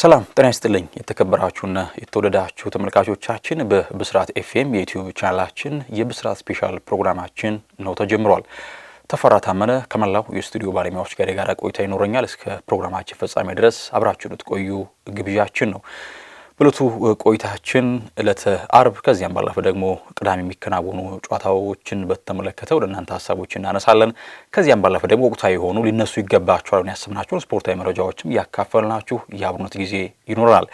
ሰላም ጤና ይስጥልኝ። የተከበራችሁና የተወደዳችሁ ተመልካቾቻችን በብስራት ኤፍኤም የዩትዩብ ቻናላችን የብስራት ስፔሻል ፕሮግራማችን ነው ተጀምሯል። ተፈራ ታመነ ከመላው የስቱዲዮ ባለሙያዎች ጋር የጋራ ቆይታ ይኖረኛል። እስከ ፕሮግራማችን ፍጻሜ ድረስ አብራችሁ ልትቆዩ ግብዣችን ነው። ብልቱ ቆይታችን እለተ አርብ ከዚያም ባለፈ ደግሞ ቅዳሜ የሚከናወኑ ጨዋታዎችን በተመለከተ ወደ እናንተ ሀሳቦች እናነሳለን። ከዚያም ባለፈ ደግሞ ወቅታዊ የሆኑ ሊነሱ ይገባቸዋል ያስብናቸውን ስፖርታዊ መረጃዎችም ያካፈልናችሁ የአብሮነት ጊዜ ይኖረናል።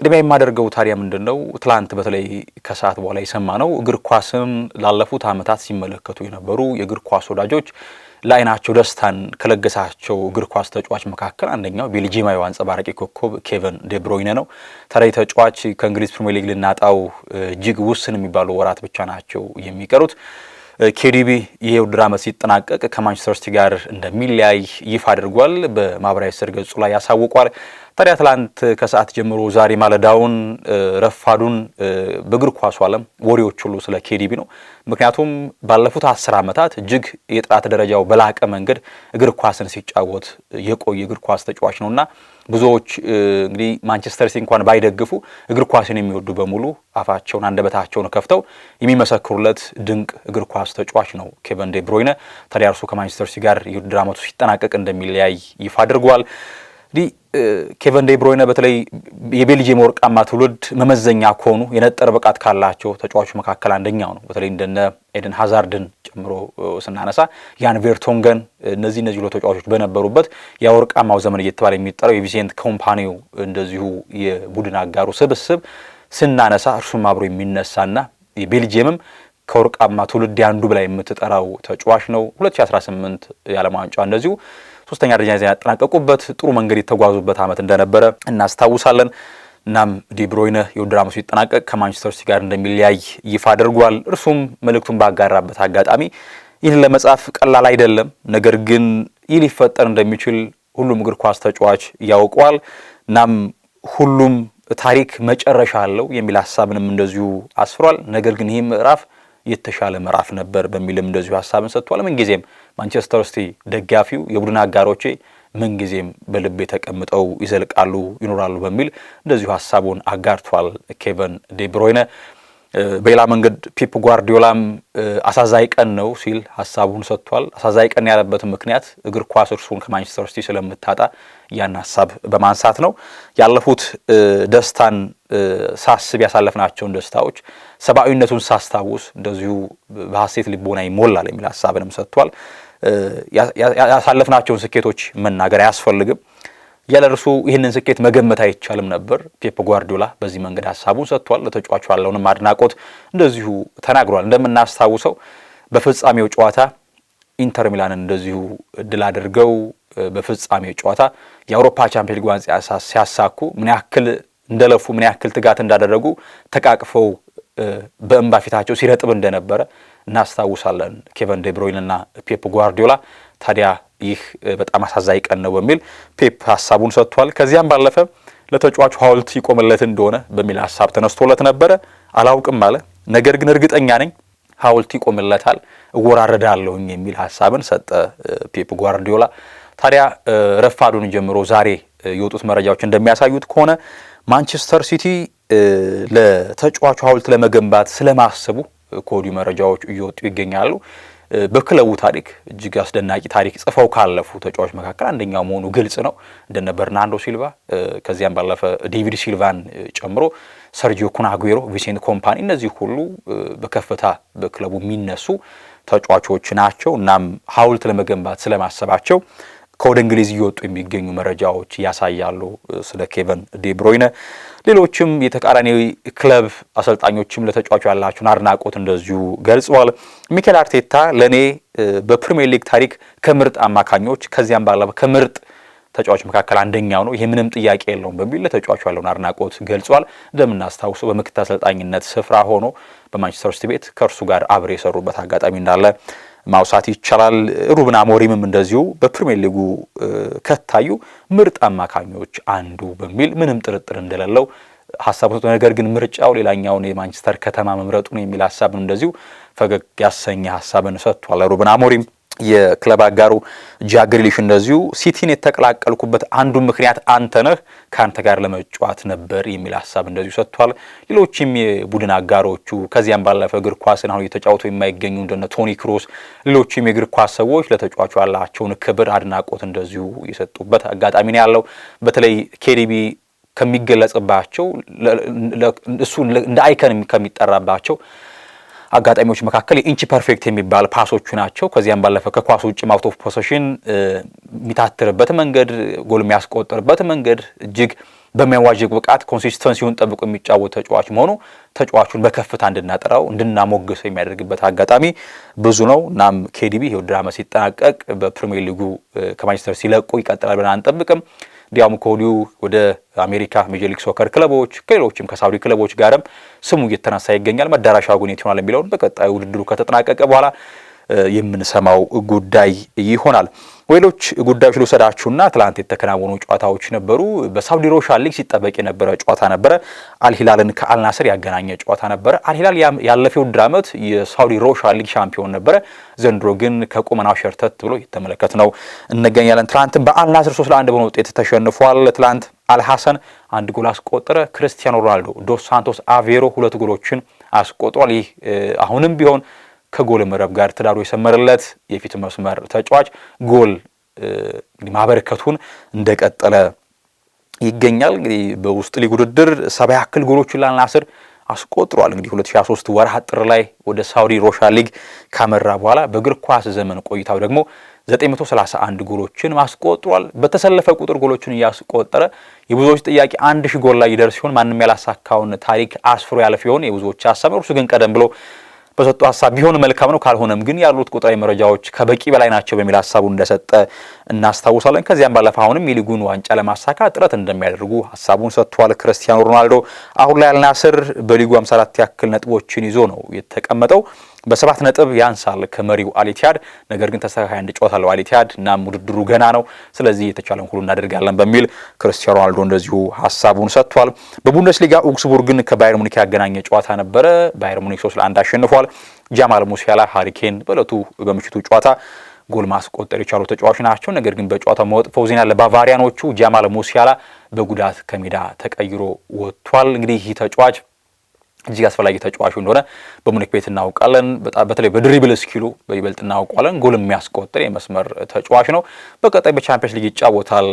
ቅድሚያ የማደርገው ታዲያ ምንድን ነው፣ ትላንት በተለይ ከሰዓት በኋላ የሰማ ነው እግር ኳስም ላለፉት ዓመታት ሲመለከቱ የነበሩ የእግር ኳስ ወዳጆች ለአይናቸው ደስታን ከለገሳቸው እግር ኳስ ተጫዋች መካከል አንደኛው ቤልጂማ አንጸባራቂ ኮከብ ኬቨን ዴብሮይነ ነው። ተራይ ተጫዋች ከእንግሊዝ ፕሪሚየር ሊግ ልናጣው እጅግ ውስን የሚባሉ ወራት ብቻ ናቸው የሚቀሩት። ኬዲቢ ይሄ ውድድር ዓመት ሲጠናቀቅ ከማንቸስተር ሲቲ ጋር እንደሚለያይ ይፋ አድርጓል። በማህበራዊ ስር ገጹ ላይ ያሳውቋል። ታዲያ ትላንት ከሰዓት ጀምሮ ዛሬ ማለዳውን ረፋዱን በእግር ኳሱ ዓለም ወሬዎች ሁሉ ስለ ኬዲቢ ነው። ምክንያቱም ባለፉት አስር ዓመታት እጅግ የጥራት ደረጃው በላቀ መንገድ እግር ኳስን ሲጫወት የቆየ እግር ኳስ ተጫዋች ነውና ብዙዎች እንግዲህ ማንቸስተር ሲቲ እንኳን ባይደግፉ እግር ኳስን የሚወዱ በሙሉ አፋቸውን አንደበታቸውን ከፍተው የሚመሰክሩለት ድንቅ እግር ኳስ ተጫዋች ነው ኬቨን ዴ ብሮይነ። ታዲያ እርሱ ከማንቸስተር ሲቲ ጋር የውድድር ዓመቱ ሲጠናቀቅ እንደሚለያይ ይፋ አድርጓል። እንግዲህ ኬቨን ዴብሮይነ በተለይ የቤልጅየም ወርቃማ ትውልድ መመዘኛ ከሆኑ የነጠረ ብቃት ካላቸው ተጫዋቾች መካከል አንደኛው ነው። በተለይ እንደነ ኤደን ሀዛርድን ጨምሮ ስናነሳ ያን ቬርቶንገን እነዚህ እነዚህ ሁለት ተጫዋቾች በነበሩበት የወርቃማው ዘመን እየተባለ የሚጠራው የቪሴንት ኮምፓኒው እንደዚሁ የቡድን አጋሩ ስብስብ ስናነሳ እርሱም አብሮ የሚነሳና የቤልጅየምም ከወርቃማ ትውልድ አንዱ ብላ የምትጠራው ተጫዋች ነው። 2018 የዓለም ዋንጫ እንደዚሁ ሶስተኛ ደረጃ ያጠናቀቁበት ጥሩ መንገድ የተጓዙበት ዓመት እንደነበረ እናስታውሳለን። እናም ዲብሮይነ የውድድር ዓመቱ ሲጠናቀቅ ከማንቸስተር ሲቲ ጋር እንደሚለያይ ይፋ አድርጓል። እርሱም መልእክቱን ባጋራበት አጋጣሚ ይህን ለመጻፍ ቀላል አይደለም፣ ነገር ግን ይህ ሊፈጠር እንደሚችል ሁሉም እግር ኳስ ተጫዋች ያውቀዋል። እናም ሁሉም ታሪክ መጨረሻ አለው የሚል ሀሳብንም እንደዚሁ አስፍሯል። ነገር ግን ይህ ምዕራፍ የተሻለ ምዕራፍ ነበር በሚልም እንደዚሁ ሀሳብን ሰጥቷል። ምንጊዜም ማንቸስተር ሲቲ ደጋፊው የቡድን አጋሮቼ ምንጊዜም በልቤ ተቀምጠው ይዘልቃሉ ይኖራሉ በሚል እንደዚሁ ሀሳቡን አጋርቷል ኬቨን ዴብሮይነ። በሌላ መንገድ ፒፕ ጓርዲዮላም አሳዛኝ ቀን ነው ሲል ሀሳቡን ሰጥቷል። አሳዛኝ ቀን ያለበት ምክንያት እግር ኳስ እርሱን ከማንቸስተር ሲቲ ስለምታጣ ያን ሀሳብ በማንሳት ነው። ያለፉት ደስታን ሳስብ ያሳለፍናቸውን ደስታዎች ሰብአዊነቱን ሳስታውስ እንደዚሁ በሀሴት ልቦና ይሞላል የሚል ሀሳብንም ሰጥቷል። ያሳለፍናቸውን ስኬቶች መናገር አያስፈልግም። ያለ እርሱ ይህንን ስኬት መገመት አይቻልም ነበር። ፔፕ ጓርዲዮላ በዚህ መንገድ ሀሳቡን ሰጥቷል። ለተጫዋቹ ያለውንም አድናቆት እንደዚሁ ተናግሯል። እንደምናስታውሰው በፍጻሜው ጨዋታ ኢንተር ሚላንን እንደዚሁ ድል አድርገው በፍጻሜው ጨዋታ የአውሮፓ ቻምፒዮን ሊግ ዋንጫ ሲያሳኩ ምን ያክል እንደለፉ ምን ያክል ትጋት እንዳደረጉ ተቃቅፈው በእንባ ፊታቸው ሲረጥብ እንደነበረ እናስታውሳለን። ኬቨን እና ፔፕ ጓርዲዮላ ታዲያ ይህ በጣም አሳዛኝ ቀን ነው በሚል ፔፕ ሀሳቡን ሰጥቷል። ከዚያም ባለፈ ለተጫዋቹ ሀውልት ይቆምለት እንደሆነ በሚል ሀሳብ ተነስቶለት ነበረ። አላውቅም አለ። ነገር ግን እርግጠኛ ነኝ ሀውልት ይቆምለታል፣ እወራረዳለሁኝ የሚል ሀሳብን ሰጠ ፔፕ ጓርዲዮላ። ታዲያ ረፋዱን ጀምሮ ዛሬ የወጡት መረጃዎች እንደሚያሳዩት ከሆነ ማንቸስተር ሲቲ ለተጫዋቹ ሀውልት ለመገንባት ስለማሰቡ ከወዲሁ መረጃዎች እየወጡ ይገኛሉ። በክለቡ ታሪክ እጅግ አስደናቂ ታሪክ ጽፈው ካለፉ ተጫዋች መካከል አንደኛው መሆኑ ግልጽ ነው። እንደነ በርናንዶ ሲልቫ ከዚያም ባለፈ ዴቪድ ሲልቫን ጨምሮ ሰርጂዮ ኩናጉሮ፣ ቪሴንት ኮምፓኒ እነዚህ ሁሉ በከፍታ በክለቡ የሚነሱ ተጫዋቾች ናቸው። እናም ሀውልት ለመገንባት ስለማሰባቸው ከወደ እንግሊዝ እየወጡ የሚገኙ መረጃዎች ያሳያሉ። ስለ ኬቨን ዴብሮይነ ሌሎችም የተቃራኒ ክለብ አሰልጣኞችም ለተጫዋቹ ያላቸውን አድናቆት እንደዚሁ ገልጸዋል። ሚኬል አርቴታ ለእኔ በፕሪሚየር ሊግ ታሪክ ከምርጥ አማካኞች ከዚያም ባለፈ ከምርጥ ተጫዋች መካከል አንደኛው ነው፣ ይሄ ምንም ጥያቄ የለውም በሚል ለተጫዋቹ ያለውን አድናቆት ገልጿል። እንደምናስታውሰው በምክትል አሰልጣኝነት ስፍራ ሆኖ በማንቸስተር ሲቲ ቤት ከእርሱ ጋር አብሬ የሰሩበት አጋጣሚ እንዳለ ማውሳት ይቻላል። ሩብን አሞሪምም እንደዚሁ በፕሪሚየር ሊጉ ከታዩ ምርጥ አማካኞች አንዱ በሚል ምንም ጥርጥር እንደሌለው ሀሳብ ሰጥቶ ነገር ግን ምርጫው ሌላኛውን የማንቸስተር ከተማ መምረጡ ነው የሚል ሀሳብን እንደዚሁ ፈገግ ያሰኘ ሀሳብን ሰጥቷል ሩብን አሞሪም። የክለብ አጋሩ ጃግሪሊሽ እንደዚሁ ሲቲን የተቀላቀልኩበት አንዱ ምክንያት አንተ ነህ፣ ከአንተ ጋር ለመጫወት ነበር የሚል ሀሳብ እንደዚሁ ሰጥቷል። ሌሎችም የቡድን አጋሮቹ ከዚያም ባለፈ እግር ኳስን አሁን እየተጫወቱ የማይገኙ እንደነ ቶኒ ክሮስ፣ ሌሎችም የእግር ኳስ ሰዎች ለተጫዋቹ ያላቸውን ክብር፣ አድናቆት እንደዚሁ የሰጡበት አጋጣሚ ነው ያለው። በተለይ ኬዲቢ ከሚገለጽባቸው እሱ እንደ አይከን ከሚጠራባቸው አጋጣሚዎች መካከል የኢንች ፐርፌክት የሚባል ፓሶቹ ናቸው። ከዚያም ባለፈ ከኳስ ውጭ ማውት ኦፍ ፖሴሽን የሚታትርበት መንገድ፣ ጎል የሚያስቆጥርበት መንገድ እጅግ በሚያዋዥቅ ብቃት ኮንሲስተንሲውን ጠብቆ የሚጫወት ተጫዋች መሆኑ ተጫዋቹን በከፍታ እንድናጠራው እንድናሞግሰው የሚያደርግበት አጋጣሚ ብዙ ነው። እናም ኬዲቢ ይሄው ድራማ ሲጠናቀቅ በፕሪሚየር ሊጉ ከማንቸስተር ሲለቁ ይቀጥላል ብለን አንጠብቅም። እንዲያውም ከወዲሁ ወደ አሜሪካ ሜጀር ሊግ ሶከር ክለቦች ከሌሎችም ከሳውዲ ክለቦች ጋርም ስሙ እየተነሳ ይገኛል። መዳረሻ ጉኔት ይሆናል የሚለውን በቀጣዩ ውድድሩ ከተጠናቀቀ በኋላ የምንሰማው ጉዳይ ይሆናል። ሌሎች ጉዳዮች ልውሰዳችሁና ትላንት የተከናወኑ ጨዋታዎች ነበሩ። በሳውዲ ሮሻን ሊግ ሲጠበቅ የነበረ ጨዋታ ነበረ። አልሂላልን ከአልናስር ያገናኘ ጨዋታ ነበረ። አልሂላል ያለፈው ውድድር ዓመት የሳውዲ ሮሻን ሊግ ሻምፒዮን ነበረ። ዘንድሮ ግን ከቁመናው ሸርተት ብሎ እየተመለከት ነው እንገኛለን። ትላንት በአልናስር ሶስት ለአንድ በሆነ ውጤት ተሸንፏል። ትላንት አልሐሰን አንድ ጎል አስቆጠረ። ክርስቲያኖ ሮናልዶ ዶስ ሳንቶስ አቬሮ ሁለት ጎሎችን አስቆጥሯል። ይህ አሁንም ቢሆን ከጎል መረብ ጋር ተዳሮ የሰመረለት የፊት መስመር ተጫዋች ጎል እንግዲህ ማበረከቱን እንደቀጠለ ይገኛል። እንግዲህ በውስጥ ሊግ ውድድር ሰባ ያክል ጎሎችን ላልናስር አስቆጥሯል። እንግዲህ 2023 ወርሃ ጥር ላይ ወደ ሳውዲ ሮሻ ሊግ ካመራ በኋላ በእግር ኳስ ዘመን ቆይታው ደግሞ 931 ጎሎችን ማስቆጥሯል። በተሰለፈ ቁጥር ጎሎችን እያስቆጠረ የብዙዎች ጥያቄ አንድ ሺህ ጎል ላይ ይደርስ ሲሆን ማንም ያላሳካውን ታሪክ አስፍሮ ያለፍ ሲሆን የብዙዎች ሀሳብ እርሱ ግን ቀደም ብሎ በሰጡ ሀሳብ ቢሆን መልካም ነው። ካልሆነም ግን ያሉት ቁጥራዊ መረጃዎች ከበቂ በላይ ናቸው በሚል ሀሳቡ እንደሰጠ እናስታውሳለን። ከዚያም ባለፈ አሁንም የሊጉን ዋንጫ ለማሳካት ጥረት እንደሚያደርጉ ሀሳቡን ሰጥቷል። ክርስቲያኖ ሮናልዶ አሁን ላይ አልናስር በሊጉ 54 ያክል ነጥቦችን ይዞ ነው የተቀመጠው። በሰባት ነጥብ ያንሳል ከመሪው አሊቲያድ። ነገር ግን ተስተካካይ አንድ ጨዋታ አለው አሊቲያድ። እናም ውድድሩ ገና ነው። ስለዚህ የተቻለን ሁሉ እናደርጋለን በሚል ክርስቲያኖ ሮናልዶ እንደዚሁ ሀሳቡን ሰጥቷል። በቡንደስሊጋ ኡግስቡርግን ከባየር ሙኒክ ያገናኘ ጨዋታ ነበረ። ባየር ሙኒክ ሶስት ለአንድ አሸንፏል። ጃማል ሙሲያላ፣ ሀሪኬን በእለቱ በምሽቱ ጨዋታ ጎል ማስቆጠር የቻሉ ተጫዋች ናቸው። ነገር ግን በጨዋታ መጥፎ ዜና ለባቫሪያኖቹ ጃማል ሙሲያላ በጉዳት ከሜዳ ተቀይሮ ወጥቷል። እንግዲህ ይህ ተጫዋች እጅግ አስፈላጊ ተጫዋቹ እንደሆነ በሙኒክ ቤት እናውቃለን። በተለይ በድሪብል ስኪሉ በይበልጥ እናውቋለን። ጎል የሚያስቆጥር የመስመር ተጫዋች ነው። በቀጣይ በቻምፒየንስ ሊግ ይጫወታል።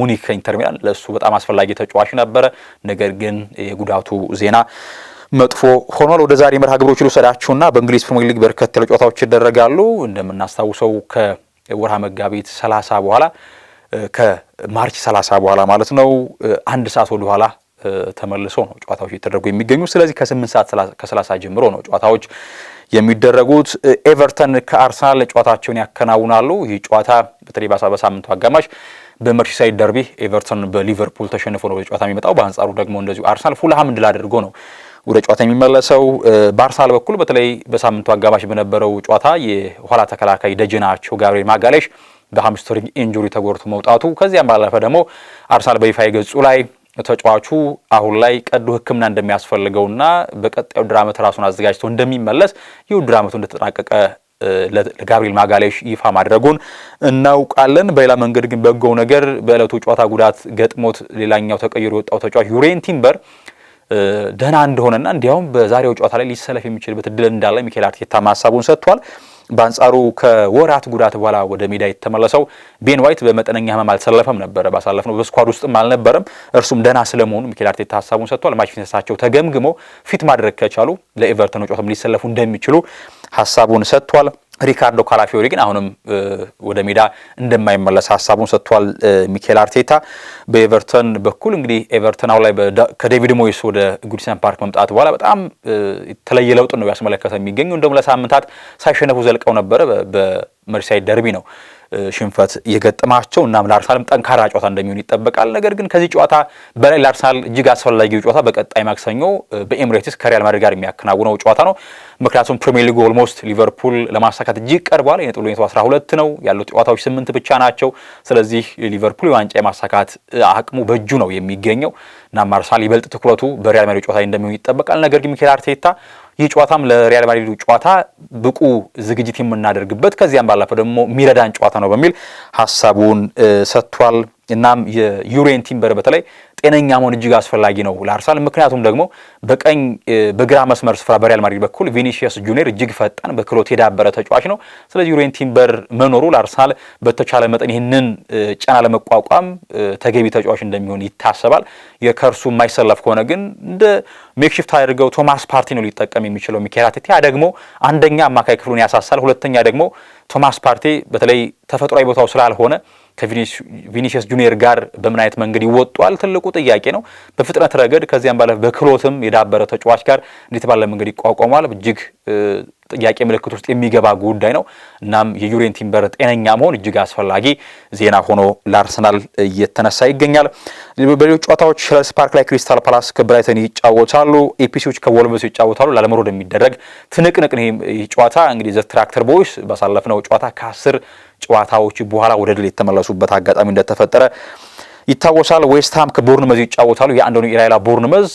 ሙኒክ ከኢንተር ሚላን ለእሱ በጣም አስፈላጊ ተጫዋች ነበረ። ነገር ግን የጉዳቱ ዜና መጥፎ ሆኗል። ወደ ዛሬ መርሃ ግብሮች ልውሰዳችሁና በእንግሊዝ ፕሪሚየር ሊግ በርከት ያሉ ጨዋታዎች ይደረጋሉ። እንደምናስታውሰው ከወርሃ መጋቢት 30 በኋላ ከማርች 30 በኋላ ማለት ነው አንድ ሰዓት ወደ ኋላ ተመልሶ ነው ጨዋታዎች እየተደረጉ የሚገኙ። ስለዚህ ከስምንት ሰዓት ከሰላሳ ጀምሮ ነው ጨዋታዎች የሚደረጉት። ኤቨርተን ከአርሰናል ጨዋታቸውን ያከናውናሉ። ይህ ጨዋታ በተለይ በሳምንቱ አጋማሽ በመርሲሳይድ ደርቢ ኤቨርተን በሊቨርፑል ተሸንፎ ነው ወደ ጨዋታ የሚመጣው። በአንጻሩ ደግሞ እንደዚሁ አርሰናል ፉልሃም ድል አድርጎ ነው ወደ ጨዋታ የሚመለሰው። በአርሰናል በኩል በተለይ በሳምንቱ አጋማሽ በነበረው ጨዋታ የኋላ ተከላካይ ደጀናቸው ጋብርኤል ማጋሌሽ በሃምስትሪንግ ኢንጁሪ ተጎድቶ መውጣቱ ከዚያም ባለፈ ደግሞ አርሰናል በይፋ የገጹ ላይ ተጫዋቹ አሁን ላይ ቀዶ ሕክምና እንደሚያስፈልገውና በቀጣዩ ውድድር ዓመት ራሱን አዘጋጅቶ እንደሚመለስ የውድድር ዓመቱ እንደተጠናቀቀ ለጋብሪኤል ማጋሌሽ ይፋ ማድረጉን እናውቃለን። በሌላ መንገድ ግን በጎው ነገር በዕለቱ ጨዋታ ጉዳት ገጥሞት ሌላኛው ተቀይሮ የወጣው ተጫዋች ዩሬን ቲምበር ደህና እንደሆነና እንዲያውም በዛሬው ጨዋታ ላይ ሊሰለፍ የሚችልበት እድል እንዳለ ሚካኤል አርቴታ ማሳቡን ሰጥቷል። በአንጻሩ ከወራት ጉዳት በኋላ ወደ ሜዳ የተመለሰው ቤን ዋይት በመጠነኛ ህመም አልተሰለፈም ነበረ። ባሳለፍ ነው በስኳድ ውስጥም አልነበረም። እርሱም ደህና ስለመሆኑ ሚኬል አርቴታ ሀሳቡን ሰጥቷል። ማች ፊትነሳቸው ተገምግሞ ፊት ማድረግ ከቻሉ ለኤቨርተን ጨዋታም ሊሰለፉ እንደሚችሉ ሀሳቡን ሰጥቷል። ሪካርዶ ካላፊዮሪ ግን አሁንም ወደ ሜዳ እንደማይመለስ ሀሳቡን ሰጥቷል ሚኬል አርቴታ። በኤቨርተን በኩል እንግዲህ ኤቨርተን አሁን ላይ ከዴቪድ ሞይስ ወደ ጉዲሰን ፓርክ መምጣት በኋላ በጣም የተለየ ለውጥ ነው ያስመለከተ የሚገኙ እንደውም ለሳምንታት ሳይሸነፉ ዘልቀው ነበረ። በመርሳይ ደርቢ ነው ሽንፈት የገጠማቸው እናም ለአርሰናልም ጠንካራ ጨዋታ እንደሚሆን ይጠበቃል። ነገር ግን ከዚህ ጨዋታ በላይ ለአርሰናል እጅግ አስፈላጊው ጨዋታ በቀጣይ ማክሰኞ በኤምሬትስ ከሪያል ማድሪድ ጋር የሚያከናውነው ጨዋታ ነው። ምክንያቱም ፕሪሚየር ሊግ ኦልሞስት ሊቨርፑል ለማሳካት እጅግ ቀርቧል። የነጥብ ልዩነቱ 12 ነው፣ ያሉት ጨዋታዎች ስምንት ብቻ ናቸው። ስለዚህ ሊቨርፑል የዋንጫ የማሳካት አቅሙ በእጁ ነው የሚገኘው። እናም አርሰናል ይበልጥ ትኩረቱ በሪያል ማድሪድ ጨዋታ እንደሚሆን ይጠበቃል። ነገር ግን ሚኬል አርቴታ ይህ ጨዋታም ለሪያል ማድሪዱ ጨዋታ ብቁ ዝግጅት የምናደርግበት ከዚያም ባለፈው ደግሞ የሚረዳን ጨዋታ ነው በሚል ሀሳቡን ሰጥቷል። እናም የዩሬን ቲምበር በተለይ ጤነኛ መሆን እጅግ አስፈላጊ ነው ለአርሰናል። ምክንያቱም ደግሞ በቀኝ በግራ መስመር ስፍራ በሪያል ማድሪድ በኩል ቪኒሺየስ ጁኒየር እጅግ ፈጣን በክሎት የዳበረ ተጫዋች ነው። ስለዚህ ዩሬን ቲምበር መኖሩ ለአርሰናል በተቻለ መጠን ይህንን ጫና ለመቋቋም ተገቢ ተጫዋች እንደሚሆን ይታሰባል። የከርሱ የማይሰለፍ ከሆነ ግን እንደ ሜክሽፍት አድርገው ቶማስ ፓርቲ ነው ሊጠቀም የሚችለው ሚኬል አርቴታ። ያ ደግሞ አንደኛ አማካይ ክፍሉን ያሳሳል፣ ሁለተኛ ደግሞ ቶማስ ፓርቲ በተለይ ተፈጥሯዊ ቦታው ስላልሆነ ከቪኒሽስ ጁኒየር ጋር በምን አይነት መንገድ ይወጧል ትልቁ ጥያቄ ነው። በፍጥነት ረገድ ከዚያም ባለፈ በክህሎትም የዳበረ ተጫዋች ጋር እንዴት ባለ መንገድ ይቋቋሟል እጅግ ጥያቄ ምልክት ውስጥ የሚገባ ጉዳይ ነው። እናም የዩሬን ቲምበር ጤነኛ መሆን እጅግ አስፈላጊ ዜና ሆኖ ለአርሰናል እየተነሳ ይገኛል። በሌሎች ጨዋታዎች ሄለንስ ፓርክ ላይ ክሪስታል ፓላስ ከብራይተን ይጫወታሉ። ኤፒሲዎች ከወልቭስ ይጫወታሉ። ላለመውረድ የሚደረግ ትንቅንቅ ይህ ጨዋታ እንግዲህ ዘትራክተር ቦይስ ባሳለፍነው ጨዋታ ከአስር ጨዋታዎች በኋላ ወደ ድል የተመለሱበት አጋጣሚ እንደተፈጠረ ይታወሳል። ዌስትሃም ከቦርንመዝ ይጫወታሉ። የአንዶኒ ነው ኢራይላ ቦርንመዝ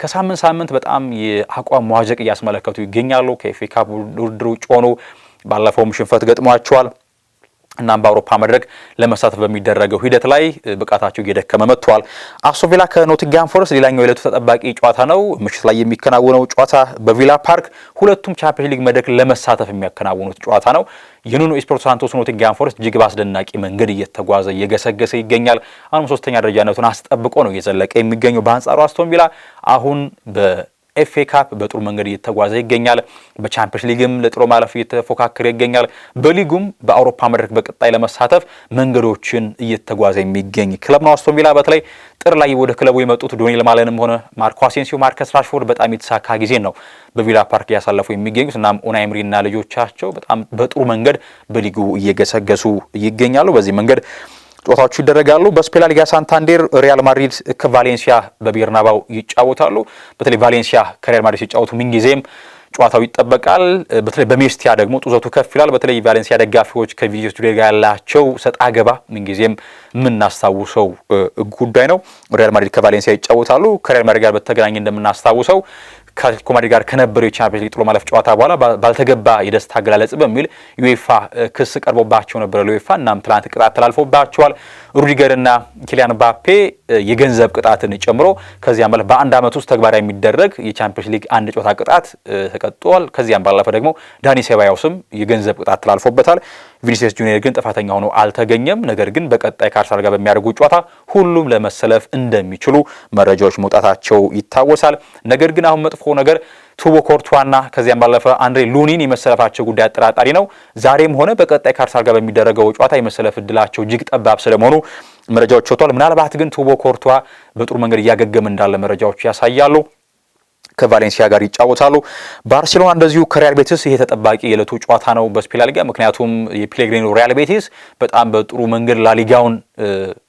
ከሳምንት ሳምንት በጣም የአቋም መዋዠቅ እያስመለከቱ ይገኛሉ። ከኤፍኤ ካፕ ውድድር ውጭ ሆኖ ባለፈውም ሽንፈት ገጥሟቸዋል። እናም በአውሮፓ መድረክ ለመሳተፍ በሚደረገው ሂደት ላይ ብቃታቸው እየደከመ መጥቷል። አስቶን ቪላ ከኖቲንግሃም ፎረስት ሌላኛው የዕለቱ ተጠባቂ ጨዋታ ነው። ምሽት ላይ የሚከናወነው ጨዋታ በቪላ ፓርክ ሁለቱም ቻምፒዮንስ ሊግ መድረክ ለመሳተፍ የሚያከናውኑት ጨዋታ ነው። የኑኖ ኤስፒሪቶ ሳንቶስ ኖቲንግሃም ፎረስት እጅግ በአስደናቂ መንገድ እየተጓዘ እየገሰገሰ ይገኛል። አሁንም ሶስተኛ ደረጃነቱን አስጠብቆ ነው እየዘለቀ የሚገኘው። በአንጻሩ አስቶን ቪላ አሁን በ ኤፍኤ ካፕ በጥሩ መንገድ እየተጓዘ ይገኛል። በቻምፒዮንስ ሊግም ለጥሎ ማለፍ እየተፎካከረ ይገኛል። በሊጉም በአውሮፓ መድረክ በቀጣይ ለመሳተፍ መንገዶችን እየተጓዘ የሚገኝ ክለብ ነው። አስቶን ቪላ በተለይ ጥር ላይ ወደ ክለቡ የመጡት ዶኒል ማለንም ሆነ ማርኮ አሴንሲዮ፣ ማርከስ ራሽፎርድ በጣም የተሳካ ጊዜ ነው በቪላ ፓርክ እያሳለፉ የሚገኙት። እናም ኡናይ ኤምሪና ልጆቻቸው በጣም በጥሩ መንገድ በሊጉ እየገሰገሱ ይገኛሉ። በዚህ መንገድ ጨዋታዎቹ ይደረጋሉ። በስፔላ ሊጋ ሳንታንዴር ሪያል ማድሪድ ከቫሌንሲያ በቤርናባው ይጫወታሉ። በተለይ ቫሌንሲያ ከሪያል ማድሪድ ሲጫወቱ ምንጊዜም ጨዋታው ይጠበቃል። በተለይ በሜስቲያ ደግሞ ጡዘቱ ከፍ ይላል። በተለይ ቫሌንሲያ ደጋፊዎች ከቪኒሲየስ ጁኒየር ጋር ያላቸው ሰጣ ገባ ምንጊዜም የምናስታውሰው ጉዳይ ነው። ሪያል ማድሪድ ከቫሌንሲያ ይጫወታሉ። ከሪያል ማድሪድ ጋር በተገናኘ እንደምናስታውሰው ከአትሌቲኮ ማድሪድ ጋር ከነበረው የቻምፒዮንስ ሊግ ጥሎ ማለፍ ጨዋታ በኋላ ባልተገባ የደስታ አገላለጽ በሚል ዩኤፋ ክስ ቀርቦባቸው ነበረ ለዩኤፋ። እናም ትላንት ቅጣት ተላልፎባቸዋል። ሩዲገርና ኪሊያን ባፔ የገንዘብ ቅጣትን ጨምሮ ከዚያም ባለፈ በአንድ ዓመት ውስጥ ተግባራዊ የሚደረግ የቻምፒዮንስ ሊግ አንድ ጨዋታ ቅጣት ተቀጥቷል። ከዚያም ባላለፈ ደግሞ ዳኒ ሴባያውስም የገንዘብ ቅጣት ተላልፎበታል። ቪኒሲየስ ጁኒየር ግን ጥፋተኛ ሆኖ አልተገኘም። ነገር ግን በቀጣይ ከአርሰናል ጋር በሚያደርጉ ጨዋታ ሁሉም ለመሰለፍ እንደሚችሉ መረጃዎች መውጣታቸው ይታወሳል። ነገር ግን አሁን መጥፎ ትልቁ ነገር ቱቦ ኮርቷና ከዚያም ባለፈ አንድሬ ሉኒን የመሰለፋቸው ጉዳይ አጠራጣሪ ነው። ዛሬም ሆነ በቀጣይ ከአርሰናል ጋር በሚደረገው ጨዋታ የመሰለፍ እድላቸው እጅግ ጠባብ ስለመሆኑ መረጃዎች ወጥቷል። ምናልባት ግን ቱቦ ኮርቷ በጥሩ መንገድ እያገገመ እንዳለ መረጃዎች ያሳያሉ። ከቫሌንሲያ ጋር ይጫወታሉ። ባርሴሎና እንደዚሁ ከሪያል ቤቲስ ይሄ ተጠባቂ የዕለቱ ጨዋታ ነው በስፔን ላሊጋ። ምክንያቱም የፔሌግሪኖ ሪያል ቤቲስ በጣም በጥሩ መንገድ ላሊጋውን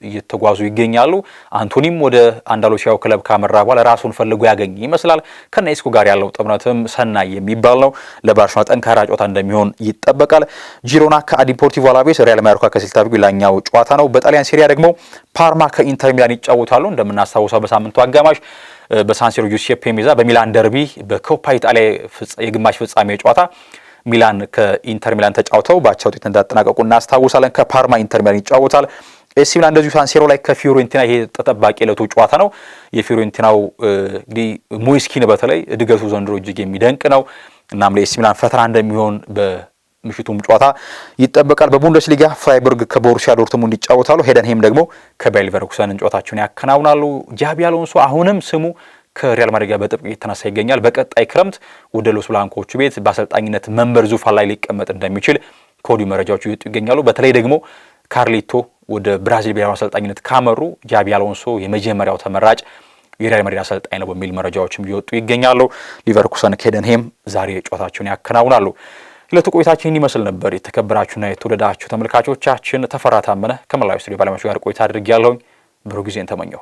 እየተጓዙ ይገኛሉ። አንቶኒም ወደ አንዳሎሲያው ክለብ ካመራ በኋላ ራሱን ፈልጎ ያገኝ ይመስላል። ከነኢስኮ ጋር ያለው ጥምረትም ሰናይ የሚባል ነው። ለባርሴሎና ጠንካራ ጨዋታ እንደሚሆን ይጠበቃል። ጂሮና ከአዲፖርቲቮ አላቤስ፣ ሪያል ማዮርካ ከሴልታ ቪጎ ሌላኛው ጨዋታ ነው። በጣሊያን ሴሪያ ደግሞ ፓርማ ከኢንተር ሚላን ይጫወታሉ። እንደምናስታውሰው በሳምንቱ አጋማሽ በሳንሲሮ ጁሴፔ ሜአዛ በሚላን ደርቢ በኮፓ ኢጣሊያ የግማሽ ፍጻሜ ጨዋታ ሚላን ከኢንተር ሚላን ተጫውተው ባቻ ውጤት እንዳጠናቀቁ እናስታውሳለን። ከፓርማ ኢንተር ሚላን ይጫወታል። ኤሲ ሚላን እንደዚሁ ሳንሲሮ ላይ ከፊዮሬንቲና ይሄ ተጠባቂ ዕለቱ ጨዋታ ነው። የፊዮሬንቲናው እንግዲህ ሙይስኪን በተለይ እድገቱ ዘንድሮ እጅግ የሚደንቅ ነው። እናም ለኤሲ ሚላን ፈተና እንደሚሆን ምሽቱም ጨዋታ ይጠበቃል። በቡንደስሊጋ ፍራይቡርግ ከቦሩሲያ ዶርትሙንድ ይጫወታሉ። ሄደንሄም ደግሞ ከባየር ጨዋታቸውን ያከናውናሉ። ጃቢ አሎንሶ አሁንም ስሙ ከሪያል ማድሪድ ጋር በጥብቅ የተነሳ ይገኛል። በቀጣይ ክረምት ወደ ሎስ ብላንኮቹ ቤት በአሰልጣኝነት መንበር ዙፋን ላይ ሊቀመጥ እንደሚችል ከወዲሁ መረጃዎች ይወጡ ይገኛሉ። በተለይ ደግሞ ካርሊቶ ወደ ብራዚል ብሔራዊ አሰልጣኝነት ካመሩ ጃቢ አሎንሶ የመጀመሪያው ተመራጭ የሪያል ማድሪድ አሰልጣኝ ነው በሚል መረጃዎችም እየወጡ ይገኛሉ። ሊቨርኩሰን ከሄደንሄም ዛሬ ጨዋታቸውን ያከናውናሉ። የዕለቱ ቆይታችን ይመስል ነበር። የተከበራችሁና የተወደዳችሁ ተመልካቾቻችን ተፈራ ታመነ ከመላዊ ስቱዲዮ ባለሙያዎች ጋር ቆይታ አድርጌ ያለሁኝ ብሩህ ጊዜን ተመኘሁ።